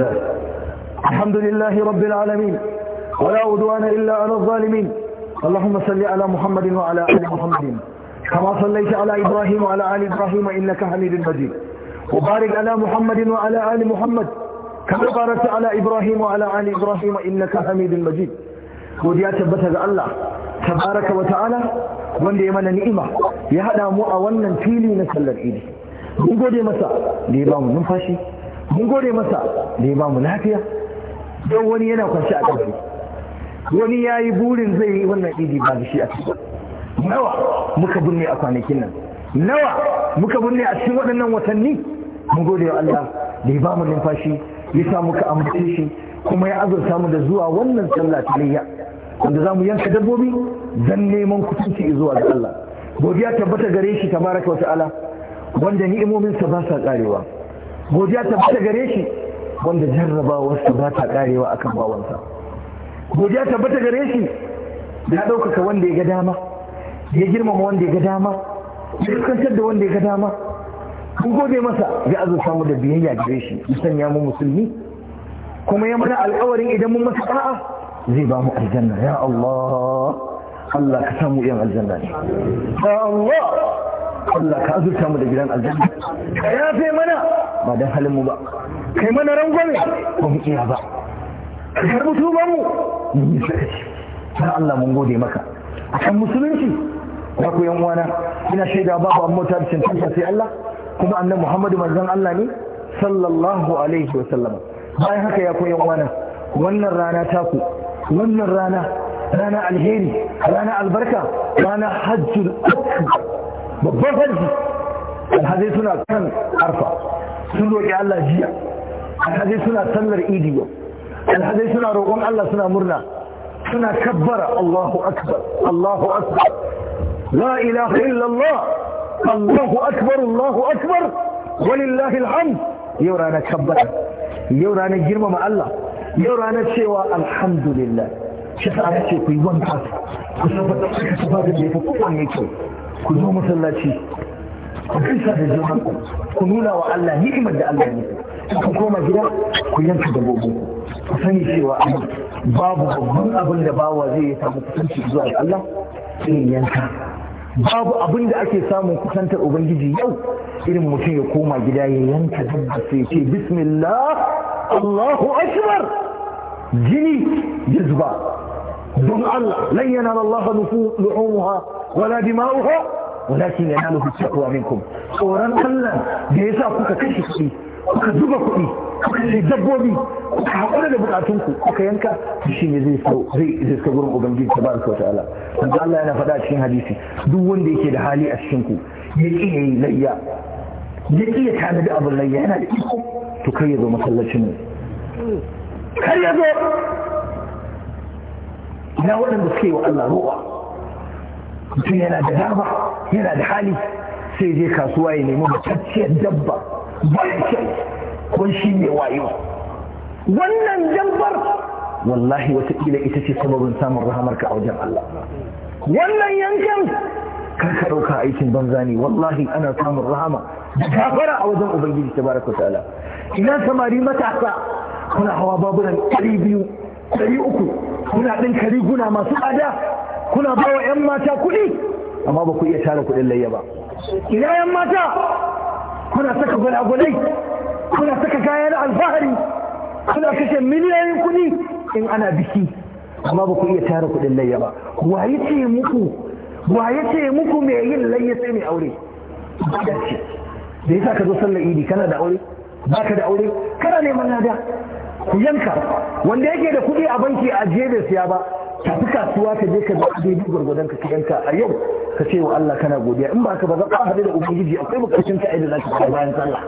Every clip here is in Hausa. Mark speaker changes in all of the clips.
Speaker 1: الرجال الحمد لله رب العالمين ولا عدوان إلا على الظالمين اللهم صل على محمد وعلى آل محمد كما صليت على إبراهيم وعلى آل إبراهيم إنك حميد مجيد وبارك على محمد وعلى آل محمد كما باركت على إبراهيم وعلى آل إبراهيم إنك حميد مجيد godiya tabbata الله تبارك وتعالى وان دي من النعمة يهدى ni'ima ya hada mu a wannan fili na sallar idi gode masa da ba mu numfashi mun gode masa da ya bamu mu lafiya don wani yana kwanci a ƙarfi wani ya yi burin zai yi wannan idi ba da shi a cikin nawa muka binne a kwanakin nan nawa muka binne a cikin waɗannan watanni mun gode wa Allah da ya ba mu numfashi ya sa muka amince shi kuma ya azurta mu da zuwa wannan sallah ta liya wanda za mu yanka dabbobi dan neman kusanci zuwa ga Allah godiya tabbata gare shi tabaraka wa ta'ala wanda ni'imominsa ba sa karewa godiya ta gareshi gare shi wanda jarrabawarsa ba ta karewa akan bawansa godiya ta gareshi gare shi ya ɗaukaka wanda ya ga dama ya girmama wanda ya ga dama ya fuskantar da wanda ya ga dama kun gode masa ya azurta mu da biyayya gare shi ya mu musulmi kuma ya mana alƙawarin idan mun masa ba'a zai ba mu aljanna ya Allah Allah ka samu yan aljanna ne Allah Allah ka azurta mu da gidan aljanna ka yafe mana ba dan halin mu ba kai mana rangwame ba mu iya ba ka karbi tuban mu mun yi sakaci dan Allah mun gode maka akan musulunci ya ku yan uwana ina shaida babu an mota da cancanta sai Allah kuma annabi Muhammadu manzon Allah ne sallallahu alaihi wa sallam bayan haka ya ku yan uwana wannan rana taku wannan rana rana alheri rana albarka rana hajjul akbar babban farki alhazai suna kan arfa sun roƙi Allah jiya alhazai suna sallar idi yau alhazai suna roƙon Allah suna murna suna kabbara Allahu akbar Allahu akbar la ilaha illallah Allahu akbar Allahu akbar walillahi alhamd yau rana kabbara yau rana girmama Allah yau rana cewa alhamdulillah shi sa aka ce ku yi wanka ku da aka saboda da ya fi kowanne kyau ku zo masallaci ku kisa da juna ku nuna wa Allah ni'imar da Allah ne ku koma gida ku yanka dabbobin ku sani cewa babu babban abin da bawa zai yi samu kusanci zuwa ga Allah sai yanka babu abin da ake samun kusantar ubangiji yau irin mutum ya koma gida ya yanka dabba sai ce bismillah Allahu akbar jini ya zuba don Allah lan yanala Allah luhumuha wala dima'uha walakin yanaluhu taqwa minkum tsoron Allah da yasa kuka kashe kuɗi kuka zuba kuɗi kuka sai dabbobi kuka haƙura da ku kuka yanka shi ne zai iska gurin ubangiji ta baraka wa ta'ala wanda Allah yana faɗa a cikin hadisi duk wanda yake da hali a cikin ku ya ƙi ya yi layya ya ƙi ya tanadi abin layya yana da iko to kai ya zo masallacin mu kar ya zo ina waɗanda suke wa Allah roƙa mutum yana da dama yana da hali sai je kasuwa ya nemi matacciyar dabba ya kyau kun shi mai wayo wannan dabbar wallahi wataƙila ita ce sababin samun ka a wajen Allah wannan yankan karka ɗauka aikin banza ne wallahi ana samun rahama da gafara a wajen ubangiji tabaraka ta'ala ina samari matasa kuna hawa baburan ɗari biyu ɗari uku kuna ɗinka riguna masu tsada kuna ba wa 'yan mata kuɗi amma ba ku iya tara kuɗin layya ba ina 'yan mata kuna saka gulagulai kuna saka kayan alfahari kuna kashe miliyoyin kuɗi in ana biki amma ba ku iya tara kuɗin layya ba wa ce muku waye ce muku mai yin layya sai mai aure da yasa ka zo sallar idi kana da aure baka da aure kana neman lada ku yanka wanda yake da kuɗi a banki a je bai siya ba tafi kasuwa ka je ka bi adadi gwargwadon ka yanka a yau ka ce wa Allah kana godiya in ba ka ba za ka haɗu da ubangiji akwai bukacin ka da zaka kai bayan sallah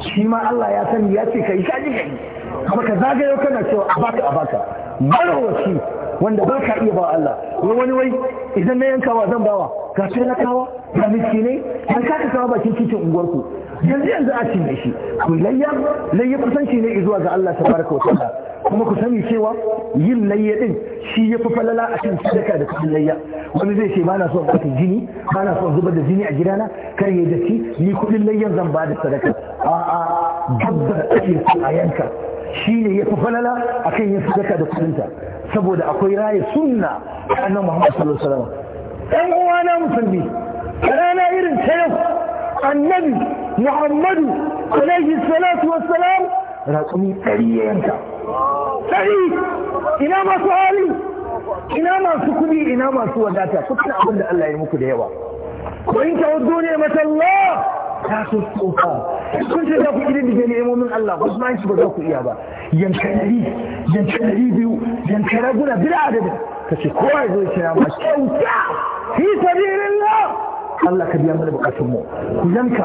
Speaker 1: shi ma Allah ya sani ya ce ka yi ji kai kuma ka zagayo kana cewa a baka a baka marwaci wanda ba ka iya ba Allah wai wani wai idan na yankawa zan bawa ga kawa, ga miskinai an kaka kawo bakin kicin unguwarku yanzu yanzu a cinye shi ku layya layya kusanci ne zuwa ga Allah tabaraka wa ta'ala kuma ku sani cewa yin layya din shi ya fi falala a cikin sadaka da kuɗin layya wani zai ce ba na so jini ba na so zubar da jini a gidana kar ya shi ni kuɗin layyan zan ba da sadaka a'a dabbar ake a yanka shi ne ya fi falala kan yin sadaka da kuɗinta saboda akwai raye sunna annan Muhammad sallallahu alaihi wasallam ɗan uwa na musulmi rana irin ta yau annabi Muhammadu alaihi salatu wassalam raƙumi ɗari ya yanka ɗari ina masu hali ina masu kuɗi ina masu wadata kuka abin da Allah ya muku da yawa ko in ta waddo ne mata Allah ta so tsofa kun ce za ku irin da nemomin Allah ba ma shi ba za ku iya ba yanka dari yanka biyu yanka raguna bila adadin kace kowa ya zo ya kira ma kyauta fi sabilillah Allah ka biya mana bukatun mu ku yanka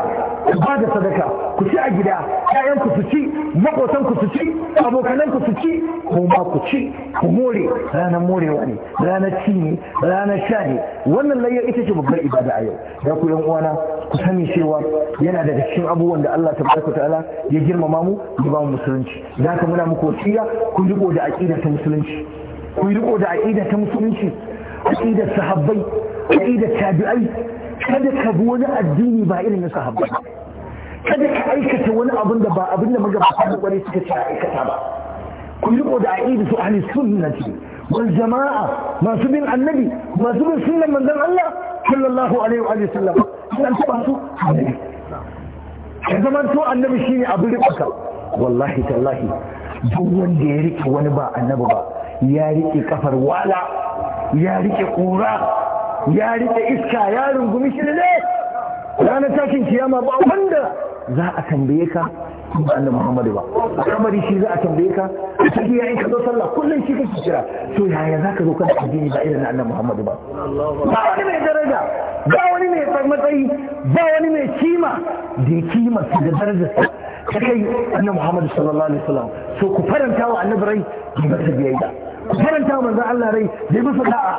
Speaker 1: ku ba da sadaka ku ci a gida ƴaƴan ku su ci makotan ku su ci abokanan ku su ci ko ma ku ci ku more ranar morewa ne ranar ci ne ranar sha ne wannan layyar ita ce babbar ibada a yau Da ku yan uwana ku sani cewa yana daga cikin abubuwan da Allah tabaraka ta'ala ya girmama mu ya ba mu musulunci da ka muna muku wasiya ku riko da aqida ta musulunci ku riko da aqida ta musulunci aqidar sahabbai aqidar tabi'ai kada ka bi wani addini ba irin na sahabba kada ka aikata wani abin da ba abin da magabata da kwarai suka ce aikata ba ku yi da aqidu su ahli sunnati wal jama'a masu bin annabi masu bin sunnan manzon Allah sallallahu alaihi wa sallam sun taba su annabi ya zaman to annabi shine abin rikota wallahi tallahi duk wanda ya rike wani ba annabi ba ya rike kafar wala ya rike kura ya rike iska ya rungumi shi ne ranar takin kiyama ba wanda za a tambaye ka ba annabi Muhammadu ba kamari shi za a tambaye ka sai yayin ka zo sallah kullum shi kake kira to yaya za ka zo kan addini ba irin annabi Muhammadu ba ba wani mai daraja ba wani mai matsayi ba wani mai kima da ya kima su da darajarsa ta kai annabi Muhammadu sallallahu alaihi wasallam so ku faranta wa annabi rai da masa biyayya ku faranta wa manzon Allah rai da masa da'a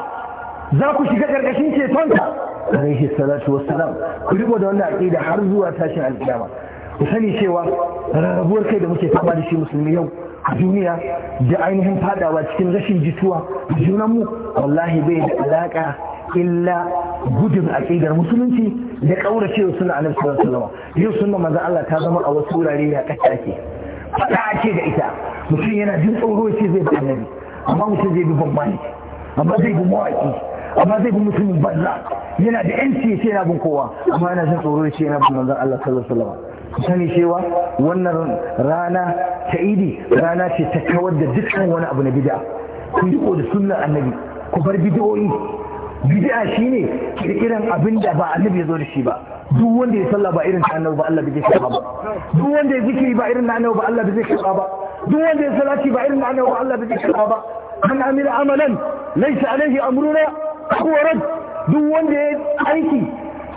Speaker 1: za ku shiga ƙarƙashin cetonsa alaihi salatu wassalam ku riko da wannan aƙida har zuwa tashin alƙiyama ku sani cewa rarrabuwar kai da muke fama da shi musulmi yau a duniya da ainihin fadawa cikin rashin jituwa A junanmu wallahi bai da alaƙa illa gudun aƙidar musulunci da ƙaurace wa suna annabi sallallahu alaihi wasallam yau sunna maza Allah ta zama a wasu wurare ya kace ake fada ake da ita mutum yana jin tsoro ce zai bi annabi amma mutum zai bi bambani amma zai bi mawaki amma zai bi mutumin banza yana da yanci ya ce yana bin kowa amma yana jin tsoro ya ce yana bin manzon Allah sallallahu alaihi wasallam sani cewa wannan rana ta idi rana ce ta kawar da dukkan wani abu na bid'a ku yi da sunnar annabi ku bar bid'o'i bid'a shine kirkiran abin da ba annabi ya zo da shi ba duk wanda ya sallah ba irin ta annabi ba Allah bai karba ba duk wanda ya zikiri ba irin na annabi ba Allah bai karba ba duk wanda ya salati ba irin na annabi ba Allah bai karba ba man amila amalan laysa alaihi amruna akwai warad duk wanda ya yi aiki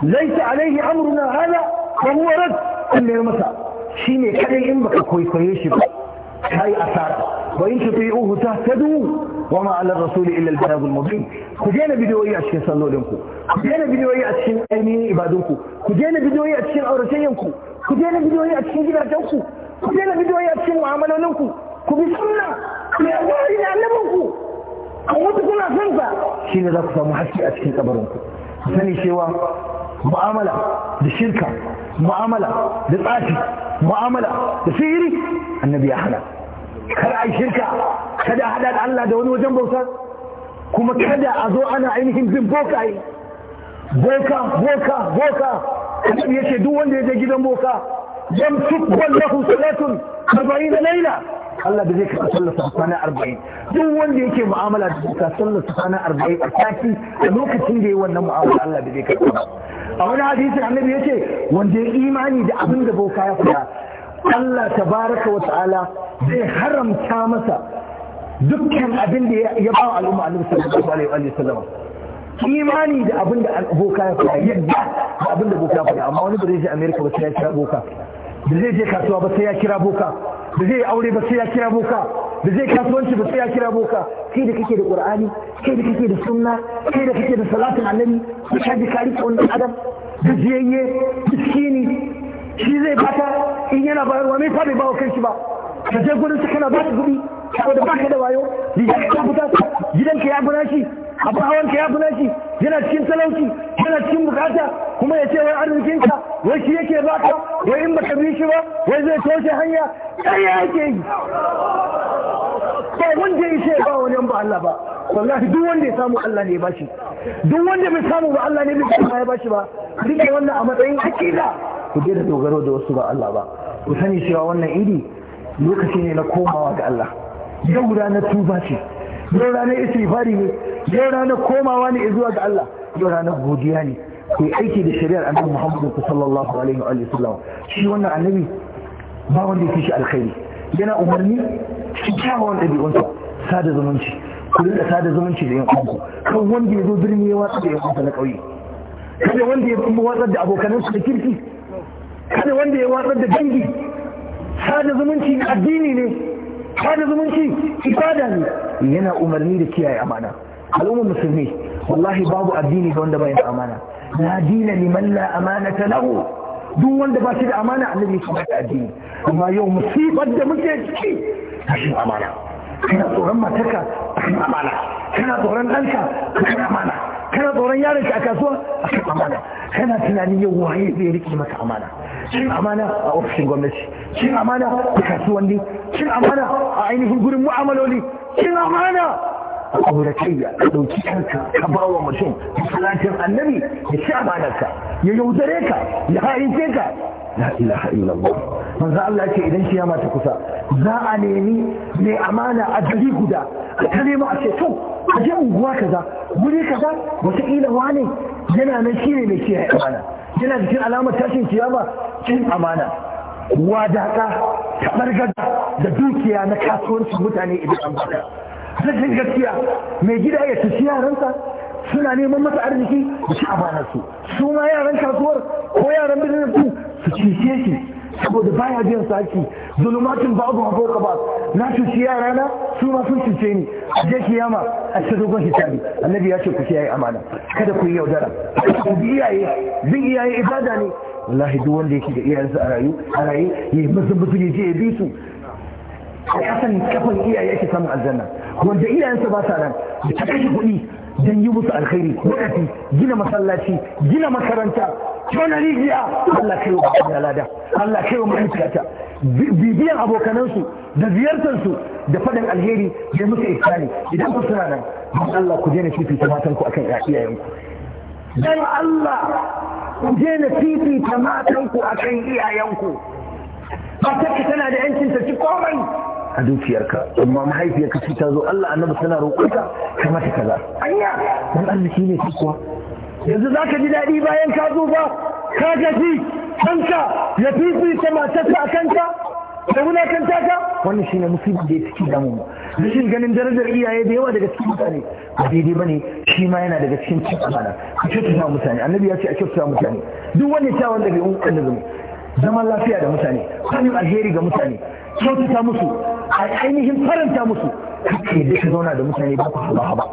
Speaker 1: laisa alaihi amruna hala ba mu warad kullum masa shine kadai in baka kwaikwaye shi ba kai asara wa in tuti uhu ta tadu wa ma ala rasuli illa al balagul mubin ku je na bidiyoyi a cikin sallo ku ku je na bidiyoyi a cikin ainihin ibadun ku ku je na bidiyoyi a cikin auratayyan ku ku je na bidiyoyi a cikin gidajen ku ku bidiyoyi a cikin mu'amalolin ku bi sunna ku yi alwari da annabin ku a wata kuna son sa shi ne za ku samu haske a cikin kabarin ku sani cewa mu'amala da shirka mu'amala da tsafi mu'amala da sihiri annabi ya hana kada a shirka kada hada da Allah da wani wajen bauta kuma kada a zo ana ainihin bin bokaye boka boka boka annabi ya ce duk wanda ya je gidan boka لم تقبل له صلاة أربعين laila. Allah da zai karɓi sallar kwana arba'in duk wanda yake mu'amala da buka sallar kwana arba'in a sati a lokacin da ya wannan mu'amala Allah da zai karɓi a wani hadisi annabi yace wanda ya imani da abinda da boka ya faɗa Allah baraka wa ta'ala zai haramta masa dukkan abin da ya ba al'umma imani da abin da boka ya faɗa yadda da abin da boka ya faɗa amma wani ba zai je amerika ba sai ya kira boka da zai je kasuwa ba sai ya kira boka da zai aure ba sai ya kira boka da zai kasuwanci ba sai ya kira boka kai da kake da qur'ani kai da kake da sunna kai da kake da salatin annabi ka ji kari ko wani adam gajiyayye miskini shi zai bata in yana bayarwa me ta bai bawa kanshi ba ka je gurin sa kana ba ta kuɗi saboda ka da wayo riga ka fita gidanka ya bura shi abu hawanka ya fi shi yana cikin talauci yana cikin bukata kuma ya ce wai arzikinka wai shi yake baka wai in baka bi shi ba wai zai toshe hanya ɗaya yake yi ba wanda ya ce ba wani ba Allah ba wallahi duk wanda ya samu Allah ne ba shi. duk wanda bai samu ba Allah ne bai samu ya ba shi ba duk wannan a matsayin akida ku da dogaro da wasu ba Allah ba ku sani cewa wannan idi lokaci ne na komawa ga Allah yau ranar tuba ce yau ranar istighfari ne yau ranar komawa ne zuwa ga Allah yau ranar godiya ne ku aiki da shari'ar annabi Muhammadu sallallahu alaihi wa sallam shi wannan annabi ba wanda yake shi alkhairi yana umarni kawo kyakkyawan ɗabi'unsa sada zumunci ku rinka sada zumunci da yan uwanku kan wanda ya zo birni ya watsa da yan uwansa na ƙauye kada wanda ya watsar da abokanansu da kirki kada wanda ya watsar da dangi sada zumunci addini ne kada zumunci ibada ne yana umarni da kiyaye amana al'ummar musulmi wallahi babu addini ga wanda bayan amana la dina liman la amanata lahu duk wanda ba shi da amana annabi ya da addini amma yau musibar da muke ciki rashin amana kana tsoron matarka rashin amana kana tsoron ɗanka rashin amana kana tsoron yaron ki a kasuwa a kan amana kana tunanin yau waye zai rike maka amana cin amana a ofishin gwamnati cin amana a kasuwanni cin amana a ainihin gurin mu'amaloli cin amana ka auratayya ka ɗauki kanka ka ba wa mutum salatin annabi ya ci amanarka ya yaudare ka ya haife ka la ilaha illallah manzo Allah ce idan kiyama ta kusa za a nemi mai amana a gari guda ka nema a ce to a je unguwa kaza guri kaza wataƙila wane yana nan shi ne mai kiyaye amana yana cikin alamar tashin kiyama cin amana wadaka ta gada da dukiya na kasuwancin mutane idan an baka rashin gaskiya mai gida ya tafi yaransa suna neman masa arziki da a abanarsu su ma yaran kasuwar ko yaran birnin su su cice shi saboda baya biyan saki zulumatin babu ma fauka ba na cuci yara na su ma sun cuce ni a je kiyama a cikin dogon annabi ya ce ku kiyaye amana kada ku yi yaudara ku bi iyaye bin iyaye ibada ne wallahi duk wanda yake da iyayensa a rayu raye ya yi musu ya je ya bi su a kasan kafan iyaye ake samun aljanna wanda iyayensa ba sa nan da ta kashe kuɗi don yi musu alkhairi lokaci gina masallaci gina makaranta tona rijiya Allah kai wa da lada Allah kai wa mahaifiyata bibiyan abokanansu da ziyartarsu da faɗin alheri da musu ihsani idan ku suna nan don Allah ku daina fifita matanku akan iyayenku don Allah ku daina fifita matanku akan iyayenku matarka tana da yancin ta ci komai a dukiyarka amma mahaifiyarka ce ta zo Allah annabi tana roƙonka ka mata kaza anya dan arziki ne kuwa yanzu zaka ji daɗi bayan ka zo ba ka gaji kanka ya fifi ta matarsa a kanka da wulakanta ta wannan shine musibin da ya ciki damu rashin ganin darajar iyaye da yawa daga cikin mutane ba daidai ne shi ma yana daga cikin cin amana a kyautata mutane annabi ya ce a kyautata mutane duk wani kyawun da bai umar zama zaman lafiya da mutane kwanin alheri ga mutane kyautata musu a ainihin faranta musu kake da ka zauna da mutane ba ku ba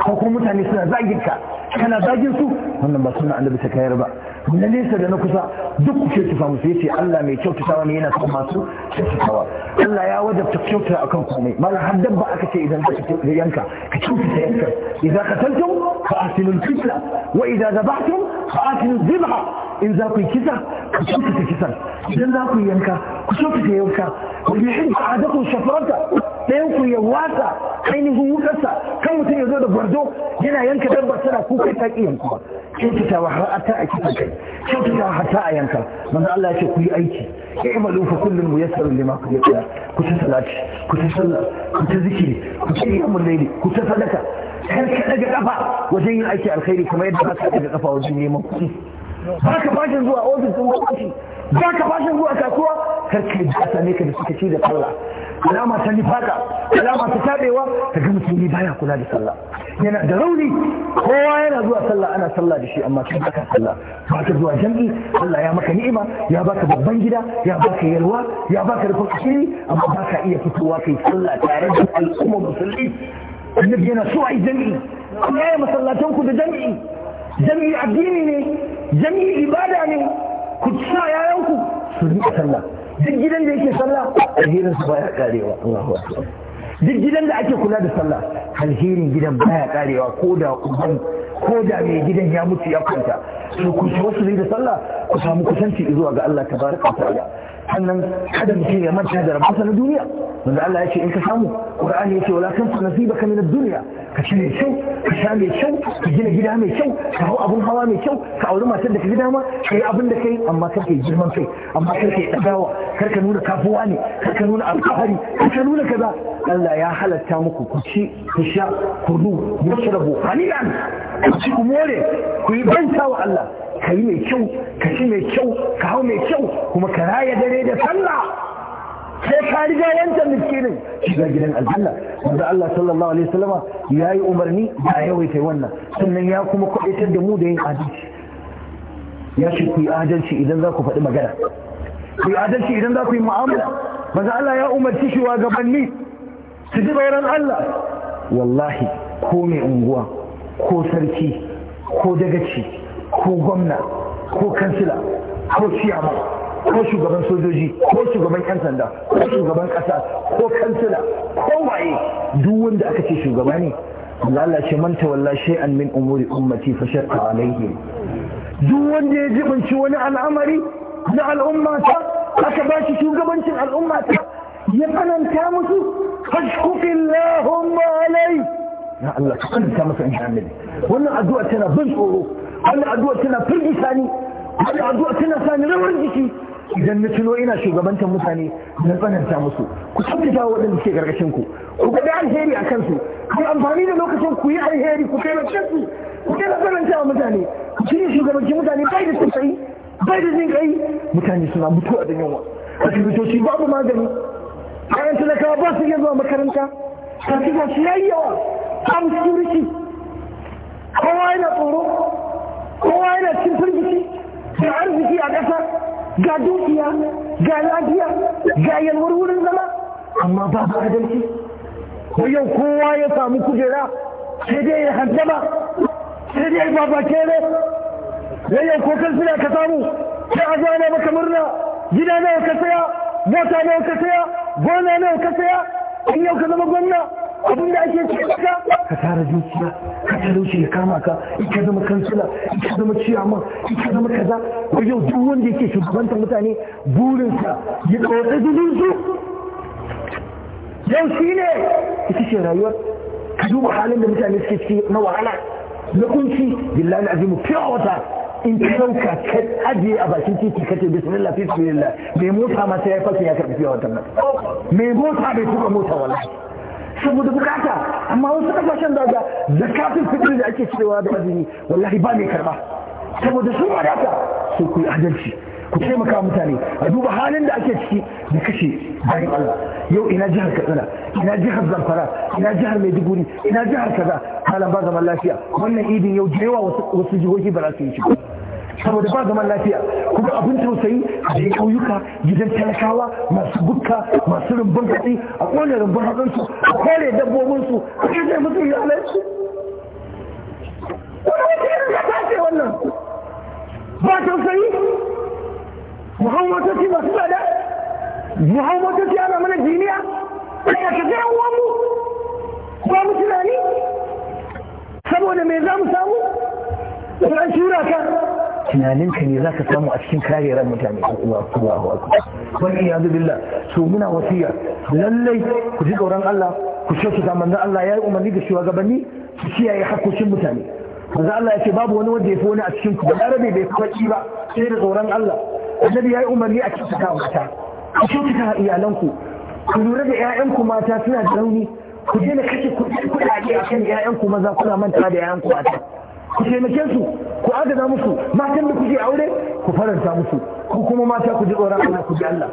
Speaker 1: ko kuma mutane suna zagin ka kana zagin su wannan ba suna annabi ta kayar ba na nesa da na kusa duk ku kyautata musu yace Allah mai kyautatawa ne yana son masu kyautatawa Allah ya wajabta kyautata akan komai mallan har dabba aka ce idan ka yanka ka kyautata yanka idan ka tantum fa asilul fitla wa idan zabahtum fa asilul zibha in za ku kisa ka kyautata kisan idan za ku yanka ku so fita yanka ku bi hin adakun shafarta ɗayan ku ya watsa ainihin wukarsa kan mutum ya zo da gwardo yana yanka dan dabba tana kuka ta ƙi yankuwa kyautata wa har ta a kisan kai kyautata wa har a yanka manzo Allah ya ce ku yi aiki ya imalu fa kullum muyassaru lima ku yasara ku ta salati ku ta sallah ku ta zikiri ku ta yamul layli ku ta sadaka kar ka daga kafa wajen yin aiki alkhairi kuma yadda ka daga kafa wajen neman kuɗi ba ka fashin zuwa ofis ɗin gwamnati
Speaker 2: ba ka fashin
Speaker 1: zuwa kasuwa Kar ji a same ka da suka ci da sallah alama ta nifaka alama ta tabewa ta ga musulmi baya kula da sallah yana da rauni kowa yana zuwa sallah ana sallah da shi amma kai baka sallah ba ka zuwa jam'i Allah ya maka ni'ima ya baka babban gida ya baka yalwa ya baka rufin asiri amma baka iya fitowa kai sallah tare da al'umma musulmi annabi yana so ai jam'i amma ya masallatan ku da jami'i. jam'i addini ne jam'i ibada ne ku sa yayanku su riƙa sallah duk gidan da yake sallah alherin su baya karewa Allahu akbar duk gidan da ake kula da sallah alherin gidan baya karewa ko da uban ko da mai gidan ya mutu ya kwanta su ku wasu zai da sallah ku samu kusanci zuwa ga Allah ta baraka ta'ala sannan kada mutum ya manta da rabasa na duniya wanda Allah ya ce in ka samu Qur'ani ya ce wala tansa nasibaka min ad duniya, ka ci mai kyau ka sha mai kyau ka gina gida mai kyau ka hau abun hawa mai kyau ka auri matar da ka gida ma ka yi abin da kai amma kar girman kai amma kar ka yi dagawa kar ka nuna kafuwa ne karka ka nuna alfahari kar ka nuna kaza Allah ya halatta muku ku ci ku sha ku du ku shirabu halilan ci ku more ku yi banta wa Allah ka yi mai kyau ka ci mai kyau ka hau mai kyau kuma ka raya dare da sallah sai ka riga yanta miskinin shiga gidan aljanna wanda Allah sallallahu alaihi wasallama ya yi umarni da a yawaita wannan sannan ya kuma kwaɗaitar da mu da yin adalci ya ce ku yi adalci idan za ku faɗi magana ku yi adalci idan za ku yi mu'amala maza Allah ya umarci shi wa gabanni su ji tsoron Allah wallahi ko mai unguwa ko sarki ko dagaci ko gwamna ko kansila ko siyama ko shugaban sojoji ko shugaban 'yan sanda ko shugaban ƙasa ko kansila ko waye duk wanda aka ce shugaba ne Allah shi manta walla shay'an min umuri ummati fa shaqqa duk wanda ya jibinci wani al'amari na al'umma ta aka ba shi shugabancin al'umma ta ya tsananta musu fashkufi alayhi ya Allah ka kanta masa in annabi wannan addu'a tana bin tsoro wannan addu'a tana firgita ni wannan addu'a tana sani rawar jiki idan na tuno ina shugabantar mutane na tsananta musu ku tabbata waɗanda ke karkashin ku ku ga alheri a kansu ku amfani da lokacin ku yi alheri ku taimake su ku daina tsananta wa mutane ku shirya shugabancin mutane bai da tausayi bai da jin mutane suna mutuwa da yunwa asibitoci babu magani kayan talakawa ba su iya zuwa makaranta kasu ga su yayi yawa an kirki kowa yana tsoro kowa yana cin firgici da arziki a ƙasa ga dukiya ga lafiya ga yalwar wurin zama amma babu adalci ko yau kowa ya samu kujera sai dai ya hantama sai dai baba kere yayyan kokan suna ka samu sai a zo ana maka murna gida nawa ka saya mota nawa ka saya gona nawa ka saya in yau ka zama gwamna abin da ake ce ka ka tara dukiya ka talauci ya kama ka ita zama kansila ka zama ciyaman ka zama kaza ko yau duk wanda yake shugabantar mutane burinsa ya ɗauka jinin su yau shi ne ita ce rayuwar ka duba halin da mutane suke ciki na wahala na kunci billahi azimu fiye wata in ka ɗauka ka ajiye a bakin titi ka ce bismillah fi bismillah mai mota ma sai ya fasa ya karɓi fiye nan mai mota bai tuka mota wallahi saboda bukata amma wasu kasashen da ga zakatun fitri da ake cirewa da azumi wallahi ba mai karba saboda sun wadata su ku adalci ku taimaka mutane a duba halin da ake ciki da kashe bayan Allah yau ina jihar Katsina ina jihar Zamfara ina jihar Maiduguri ina jihar kaza halan ba zaman lafiya wannan idin yau da wasu jihohi ba za su yi shi saboda ba zaman lafiya kuma abin tausayi a cikin ƙauyuka gidan talakawa masu bukka masu rumbun hatsi a ƙone rumbun hatsinsu a kore dabbobinsu a ƙirƙir musu iyalansu wani wata irin ya tace wannan ba tausayi mu hau motoci masu tsada mu hau motoci ana mana jiniya a ƙasashen uwanmu ba mu tunani saboda me za mu samu in an shura ka tunaninka ne za ka samu a cikin kare ran mutane wani iya zubi Allah so muna wasiya lallai ku ji tsoron Allah ku kyautata manzon Allah ya yi umarni da gabanni su kiyaye hakkocin mutane manzon Allah ya ce babu wani wanda ya fi wani a cikin ku balarabe bai kwaci ba sai da tsoron Allah annabi ya yi umarni a kyautata mata ku kyautata iyalanku ku lura da 'ya'yanku mata suna da rauni ku daina kashe kuɗaɗe a kan 'ya'yanku maza kuna manta da 'ya'yanku mata ku taimake su ku adana musu matan da kuke aure ku faranta musu ku kuma mata ku ji tsoron Allah ku ji Allah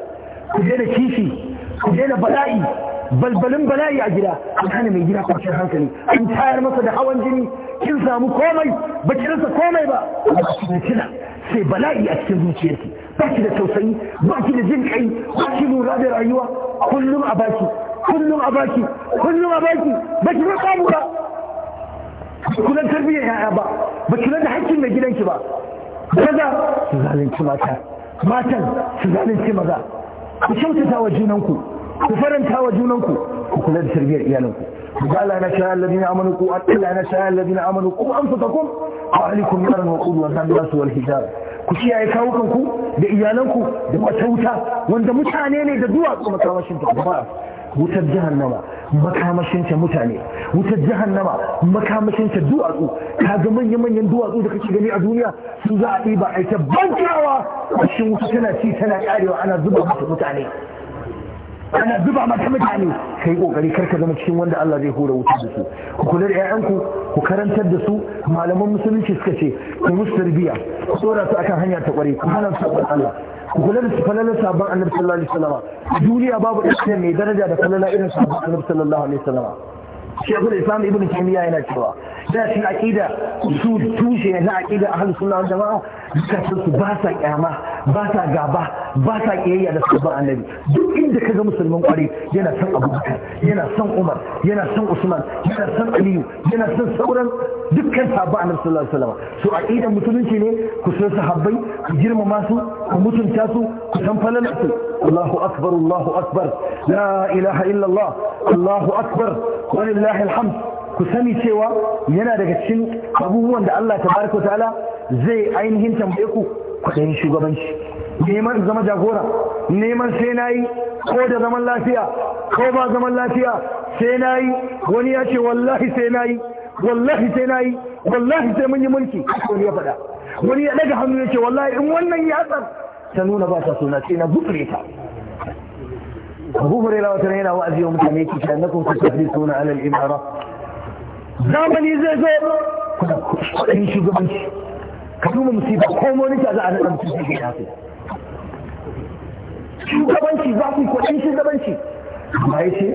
Speaker 1: ku daina kishi ku daina bala'i balbalin bala'i a gida an hana mai gida kwanciyar hankali an tayar masa da hawan jini kin samu komai ba ki rasa komai ba ki cikin kina sai bala'i a cikin zuciyarki ba ki da tausayi ba ki da jin kai ba ki lura da rayuwa kullum a baki kullum a baki kullum a baki ba ki rasa mu ba kulan tarbiyyar yaya ba ba kula da haƙƙin mai gidanki ba maza su zalunci mata matan su zalunci maza ku kyautata wa junanku ku faranta wa junanku ku kula da tarbiyyar iyalanku ku أنا شاء الذين آمنوا قوا أتلا ku شاء الذين آمنوا قوا أنفسكم وأهلكم نارا وقودها الناس والحجارة ku kiyaye kawukanku da iyalanku da wata wuta wanda mutane ne da duwatsu makamashin ta ba wutar jahannama makamashinta mutane wutar jahannama makamashinta duwatsu ta ga manya-manyan duwatsu da kake gani a duniya su za a ɗiba a ita bankawa ƙarshen wuta tana ci tana ƙarewa ana zuba mata mutane ana zuba mata mutane ka yi ƙoƙari karka zama cikin wanda Allah zai hura wuta da su ku kula da 'ya'yanku ku karantar da su malaman musulunci suka ce ku musu tarbiyya ku tsora su akan hanya ta ƙwarai ku hana su Allah kula da falalar sabon annabi sallallahu alaihi wasallam duniya babu ɗaya mai daraja da falala irin sabon annabi sallallahu alaihi wasallam shekul islam ibn taymiya yana cewa da cikin aqida su tushe na aqida ahlus sunna wal jamaa dukkan su ba sa kyama ba sa gaba ba sa kiyayya da sabon annabi duk inda ka ga musulman kwari yana son abubakar yana son umar yana son usman yana son aliyu yana son sauran dukkan sabon annabi sallallahu alaihi wasallam su aqidan musulunci ne ku san sahabbai ku girmama su ku mutunta su ku san falalarsu Allahu akbar Allahu akbar la ilaha illallah Allahu akbar walillahi alhamd ku sani cewa yana daga cikin abubuwan da Allah tabaraka ta'ala zai ainihin tambaye ku kwaɗayin shugabanci neman zama jagora neman sai na ko da zaman lafiya ko ba zaman lafiya sai na wani ya ce wallahi sai na wallahi sai na wallahi sai mun yi mulki wani ya faɗa wani ya ɗaga hannu ya ce wallahi in wannan ya tsar ta nuna ba ta suna sai na bukure ta abu hurera wata yana wa'azi wa mutane ki shi annakum tasabbi suna alal imara zamani zai zo kuɗin shugabanci ka duba musiba ko monita za a naɗa mutum zai gida su shugabanci za ku yi shugabanci amma ya ce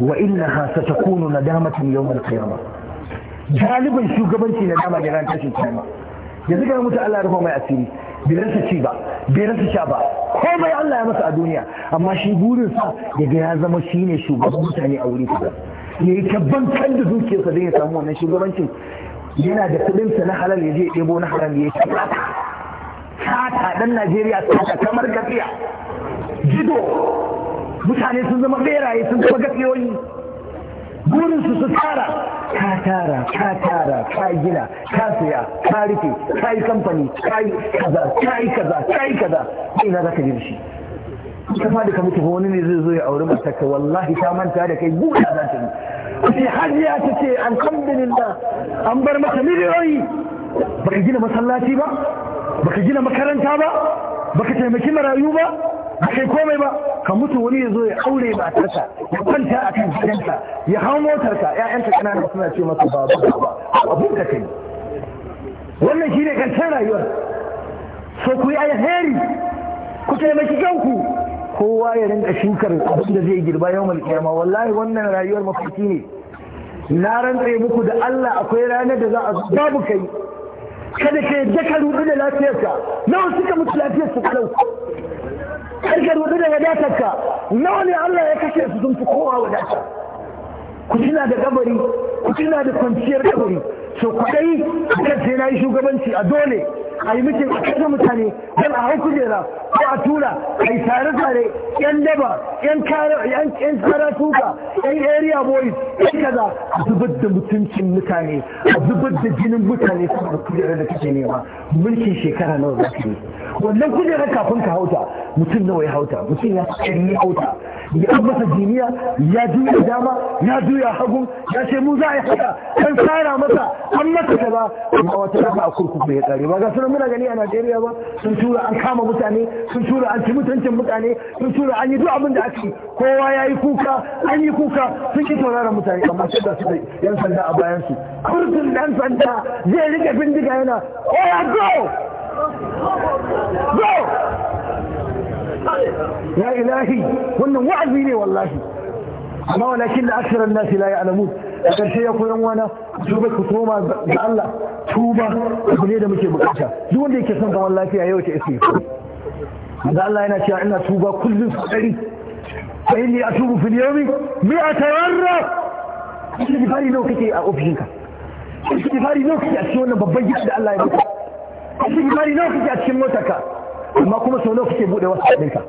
Speaker 1: wa inna ha sa ta kunu na damatin yau mai kiyama galibin shugabanci na dama da ran tashin kiyama yanzu ga mutu Allah ya rufa mai asiri bai rasa ci ba bai rasa sha ba komai Allah ya masa a duniya amma shi burinsa daga ya zama shi ne shugaban mutane a wuri kaza ya yi tabban kan da zuciyarsa ya samu wannan shugabancin yana da kudinsa na halal ya je ya ɗebo na haram ya yi tabbata sata ɗan najeriya sata kamar gafiya jido mutane sun zama ɓeraye sun zama gafiyoyi burinsu su tara ka tara ka tara ka gina ka siya ka rufe ka yi kamfani ka yi kaza ka yi kaza ka yi kaza ina za ka ji da shi ka fadi ka mutu wani ne zai zo ya auri matarka wallahi ta manta da kai guda za ta yi sai hajiya ta ce alhamdulillah an bar mata miliyoyi baka gina masallaci ba baka gina makaranta ba baka taimaki marayu ba kai komai ba ka mutu wani ya zo ya aure matarka ya kwanta a kan gidanka ya hau motarka Ya'yanta ƙanana suna ce masa ba ba abun da kai wannan shine karshen rayuwar so ku yi alheri ku taimaki kanku kowa ya rinka shukar abin da zai girba yau amma wallahi wannan rayuwar mafarki ne na rantsa muku da Allah akwai ranar da za a babu kai kada ka yadda ka rubu da lafiyarka nawa suka mutu lafiyar su kalau kar ka rubu da wadatarka nawa ne Allah ya kashe su sun fi kowa wadata ku tuna da gabari? ku tuna da kwanciyar kabari so dai kada sai na yi shugabanci a dole a yi mutum a kasa mutane don a hau kujera ko a tura a yi tare-tare yan daba yan kara tuka yan area boys yan kaza a zubar da mutuncin mutane a zubar da jinin mutane saboda kujera da kake nema mulkin shekara nawa za ka yi wannan kujera kafin ka hauta mutum nawa ya hauta mutum ya ni hauta ya masa jiniya ya juya dama ya juya hagu ya ce mu za a yi haka kan tsara masa an masa kaza amma wata ba a kurkuku ya tsare ba ga nan muna gani a Najeriya ba sun tura an kama mutane sun tura an ci mutuncin mutane sun tura an yi duk abin da ake kowa ya yi kuka an yi kuka sun ki tauraron mutane amma sai da su dai yan sanda a bayan su kurtun dan sanda zai rike bindiga yana oya go go ya ilahi wannan wa'azi ne wallahi amma walakin da aksarar nasi la ya'lamun a ƙarshe ya koyon wana tuba ku koma ga Allah tuba abu ne da muke bukata duk wanda yake son zaman lafiya yau ta isi da Allah yana cewa ina tuba kullum su ɗari fa inni atubu fil yawmi mi'ata marra istighfari nawa kake a ofishin ka? ofishinka istighfari nawa kake a cikin wannan babban gida da Allah ya baka istighfari nawa kake a cikin motarka amma kuma sau nawa kake bude wasu ɗinka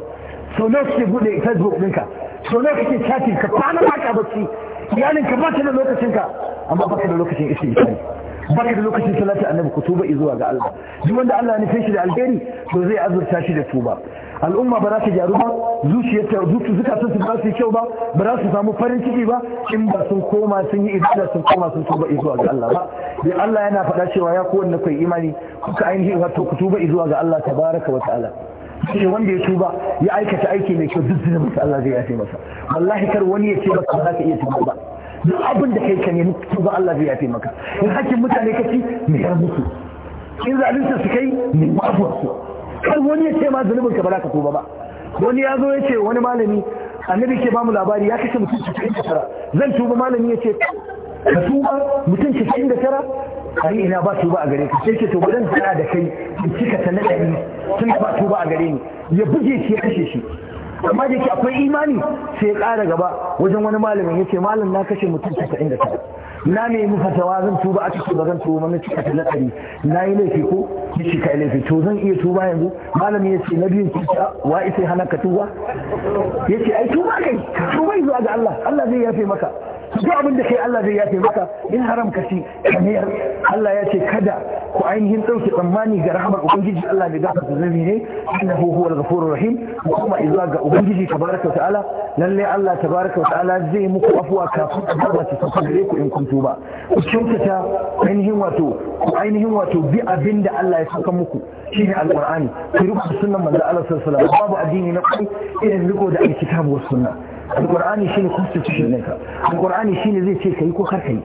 Speaker 1: sau kake bude facebook ɗinka sau kake chatting ka kwana ba ka bacci iyalin ka baka da lokacin ka amma baka da lokacin ishe ishe baka da lokacin salati annabi ku tuba zuwa ga Allah duk wanda Allah ya nufe shi da alheri to zai azurta shi da tuba al'umma ba za ta gyaru ba zuciyarta zuci suka san su ba su kyau ba ba za su samu farin ciki ba in ba sun koma sun yi ibada sun koma sun tuba zuwa ga Allah ba dan Allah yana faɗa cewa ya kowanne kai imani kuka ainihi wato ku tuba zuwa ga Allah tabaraka wa ta'ala sai wanda ya tuba ya aikata aiki mai kyau duk zunubin sa Allah zai yafe masa wallahi kar wani ya ce maka ba za ka iya tuba ba duk abin da kai ka nemi tuba Allah zai yafe maka in hakkin mutane ka ci mai yar musu in zalunta su kai mai mafuwar su kar wani ya ce ma zunubin ka ba za ka tuba ba wani ya zo ya ce wani malami annabi ke ba mu labari ya kashe mutum tara. zan tuba malami ya ce ka tuba mutum tara. har ina ba tuba a gare ka sai ke to gudan tsaya da kai in cika ta na ɗari tun ba tuba a gare ni ya buge shi ya kashe shi amma da yake akwai imani sai ya ƙara gaba wajen wani malamin ya ce malam na kashe mutum ta inda ta. na me mu fatawa zan tuba a cikin ba zan tuba na cika ta na ɗari na yi laifi ko ya shi ka laifi to zan iya tuba yanzu malamin ya ce na biyun ki wa isai hana ka tuba ya ce ai tuba kai tuba zuwa ga Allah Allah zai yafe maka duk abin da kai Allah zai yafe maka in haram ka ci kamar Allah ya ce kada ku ainihin ɗauke tsammani ga rahmar ubangiji Allah bai da zunubi ne hu huwal ghafurur rahim kuma idza ga ubangiji tabaraka wa ta'ala lalle Allah tabaraka wa ta'ala zai muku afwa kafin azaba ta sauka gare ku in kun tuba ku kyautata ainihin wato ku ainihin wato bi abinda Allah ya saka muku ne alqur'ani ku rubuta sunnan manzo Allah sallallahu alaihi wasallam babu addini na ku irin riko da alkitabu was sunna القرآن يشيل خمسة شيء منك القرآن يشيل ذي شيء يكون خرخي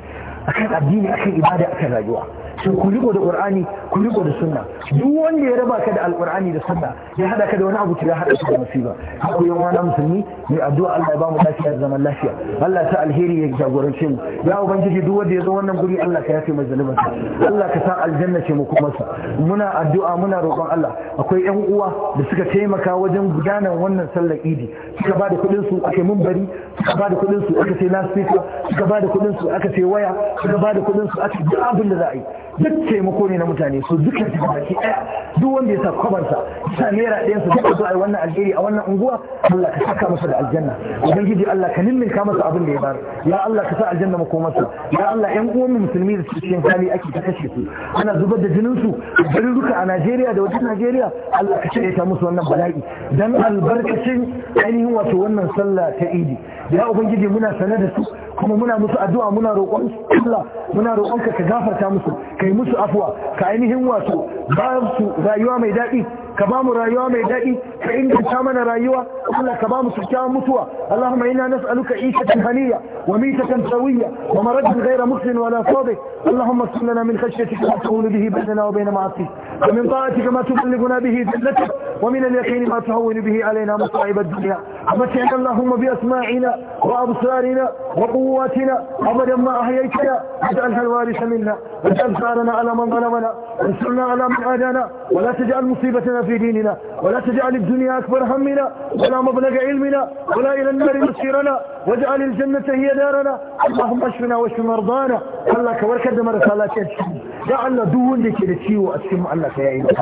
Speaker 1: أكيد عبدين أكيد إبادة أكيد راجوا to ku riko da qur'ani ku riko da sunna duk wanda ya raba ka da alqur'ani da sunna ya hada ka da wani abu kira ya hada ka da musiba ku yan wani musulmi mai addu'a Allah ya ba mu lafiya da zaman lafiya Allah ta alheri ya jagorance mu ya ubangiji duk wanda ya zo wannan guri Allah ka yafe mai zalimin Allah ka sa aljanna ce mu kuma sa muna addu'a muna roƙon Allah akwai ƴan uwa da suka taimaka wajen gudanar wannan sallar Idi suka ba da kuɗin su ake bari suka ba da kuɗin su aka sai lasfika suka ba da kuɗin su aka sai waya suka ba da kuɗin su aka duk abin da za a yi duk taimako ne na mutane su dukkan su baki ɗaya duk wanda ya sa kwabarsa sa naira ɗayan su duka a wannan alheri a wannan unguwa Allah ka saka masa da aljanna ubangiji Allah ka ka masa abin da ya bar ya Allah ka sa aljanna su. ya Allah ƴan uwan mu musulmi da cikin kali ake ta kashe su ana zubar da jinin su garuruka a Najeriya da wajen Najeriya Allah ka cire ta musu wannan bala'i dan albarkacin ainihin wato wannan sallah ta Idi ya ubangiji muna sanar da su kuma muna musu addu'a muna roƙon Allah muna roƙonka ka gafarta musu kai musu afuwa ka ainihin wato ba su rayuwa mai daɗi كبام رايوة ميدائي فإن كتامنا رايوة الله كبام سكتام متوى اللهم إنا نسألك عيشة هنية وميتة سوية ومرج غير مسلم ولا صادق اللهم سننا من خشيتك ما تقول به بيننا وبين معصيك ومن طاعتك ما تبلغنا به ذلتك ومن اليقين ما تهون به علينا مصائب الدنيا ومتعنا اللهم بأسماعنا وأبصارنا وقواتنا أبدا ما أحييتنا واجعلها الوارث منا واجعل ثارنا على من ظلمنا وانصرنا على من آذانا ولا تجعل مصيبتنا في ديننا ولا تجعل الدنيا أكبر همنا ولا مبلغ علمنا ولا إلى النار مصيرنا واجعل الجنة هي دارنا اللهم اشفنا واشف مرضانا الله كوركد مرسى لا تشفي ya Allah duk wanda da ciwo a cikin mu Allah ka yaye masa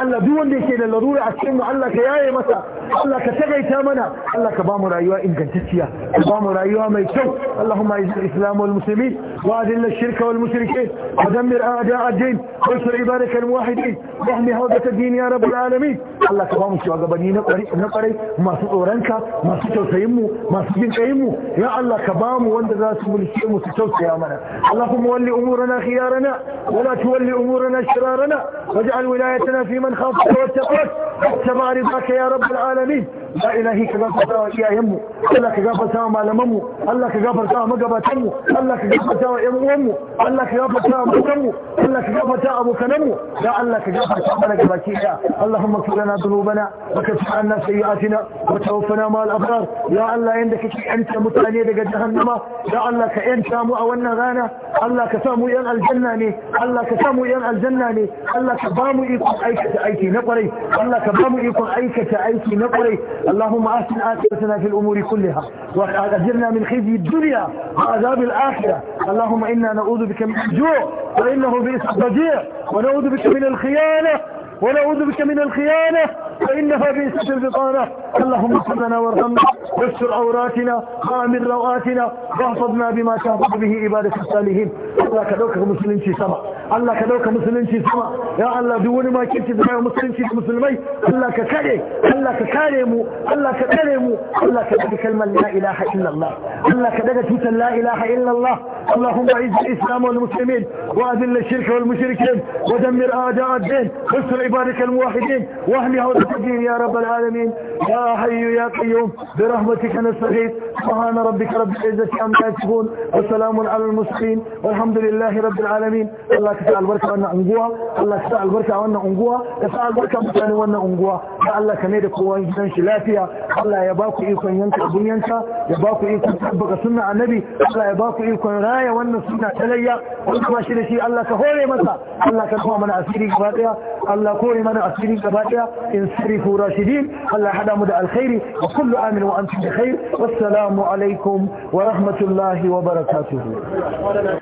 Speaker 1: Allah duk wanda da larura a cikin mu Allah ka yaye masa Allah ka tagaita mana Allah ka bamu rayuwa ingantacciya ka bamu rayuwa mai kyau Allahumma a'iz al-islam wal muslimin wa adil ash-shirka wal mushrikeen wa dammir a'da' ad-din wa ansur ibadak al-muwahhidin wa Allah ka bamu shugabanni na kwarai na kwarai masu tsoronka masu tausayin mu masu jin kayin mu ya Allah ka bamu wanda za su mulke mu su tausaya mana Allahumma walli umurana khiyarana wa la tuwalli umurana shirarana waj'al wilayatana fi man khafaka wattaqak wattaba ridaka ya rabbal alamin la ilahi ka gafarta wa iyayenmu Allah ka gafarta wa malamanmu Allah ka gafarta wa magabatanmu Allah ka gafarta wa ƴan uwanmu Allah ka gafarta wa mutanmu Allah ka gafarta wa abokananmu da Allah ka gafarta mana gabaki daya Allahumma kfir bana, dhunubana wa kfir anna sayyi'atina wa tawaffana ma al-abrar ya Allah yanda kake yanta mutane daga jahannama ya Allah ka yanta mu a wannan rana Allah ka samu yan aljanna ne Allah ka samu yan aljanna ne Allah ka ba mu ikon aikata aiki na kwarai Allah ka ba mu ikon aikata aiki na kwarai اللهم آتنا آخرتنا في الأمور كلها وأجرنا من خزي الدنيا وعذاب الآخرة اللهم إنا نعوذ بك من الجوع وإنه بئس الضجيع ونعوذ بك من الخيانة ونعوذ بك من الخيانة فإنها بيست البطانة اللهم صدنا وارغمنا واستر عوراتنا وامن روآتنا واحفظنا بما تحفظ به عبادة الصالحين الله كدوك مسلم في سماء الله كدوك مسلم في سماء يا الله دون ما كنت في مسلم في مسلمي الله ككري الله ككريم الله ككريم الله كدك كلمة لا إله إلا الله الله كدك توتا لا إله إلا الله اللهم اعز الإسلام والمسلمين وأذل الشرك والمشركين ودمر أعداء الدين واستر عبادك الموحدين واهلها وتفضل فقير يا رب العالمين يا حي يا قيوم برحمتك نستغيث سبحان ربك رب العزة عما يصفون وسلام على المسلمين والحمد لله رب العالمين الله كفى البركة وانا انقوها الله كفى البركة وانا انقوها كفى البركة متاني وانا انقوها يا الله كميد قوة انسان شلافية الله يباكو ايكم ينكا بنيانكا يباكو ايكم تحبك سنة عن نبي الله يباكو ايكم راية وانا سنة تليا وانا ما شرشي الله كهولي مسا الله كنوا من عسيري قباتها الله كوري من عسيري قباتها انصرفوا راشدين الله حد hada da alkhairi wa kullu amin wa antum bi khair wassalamu alaikum wa rahmatullahi wa barakatuh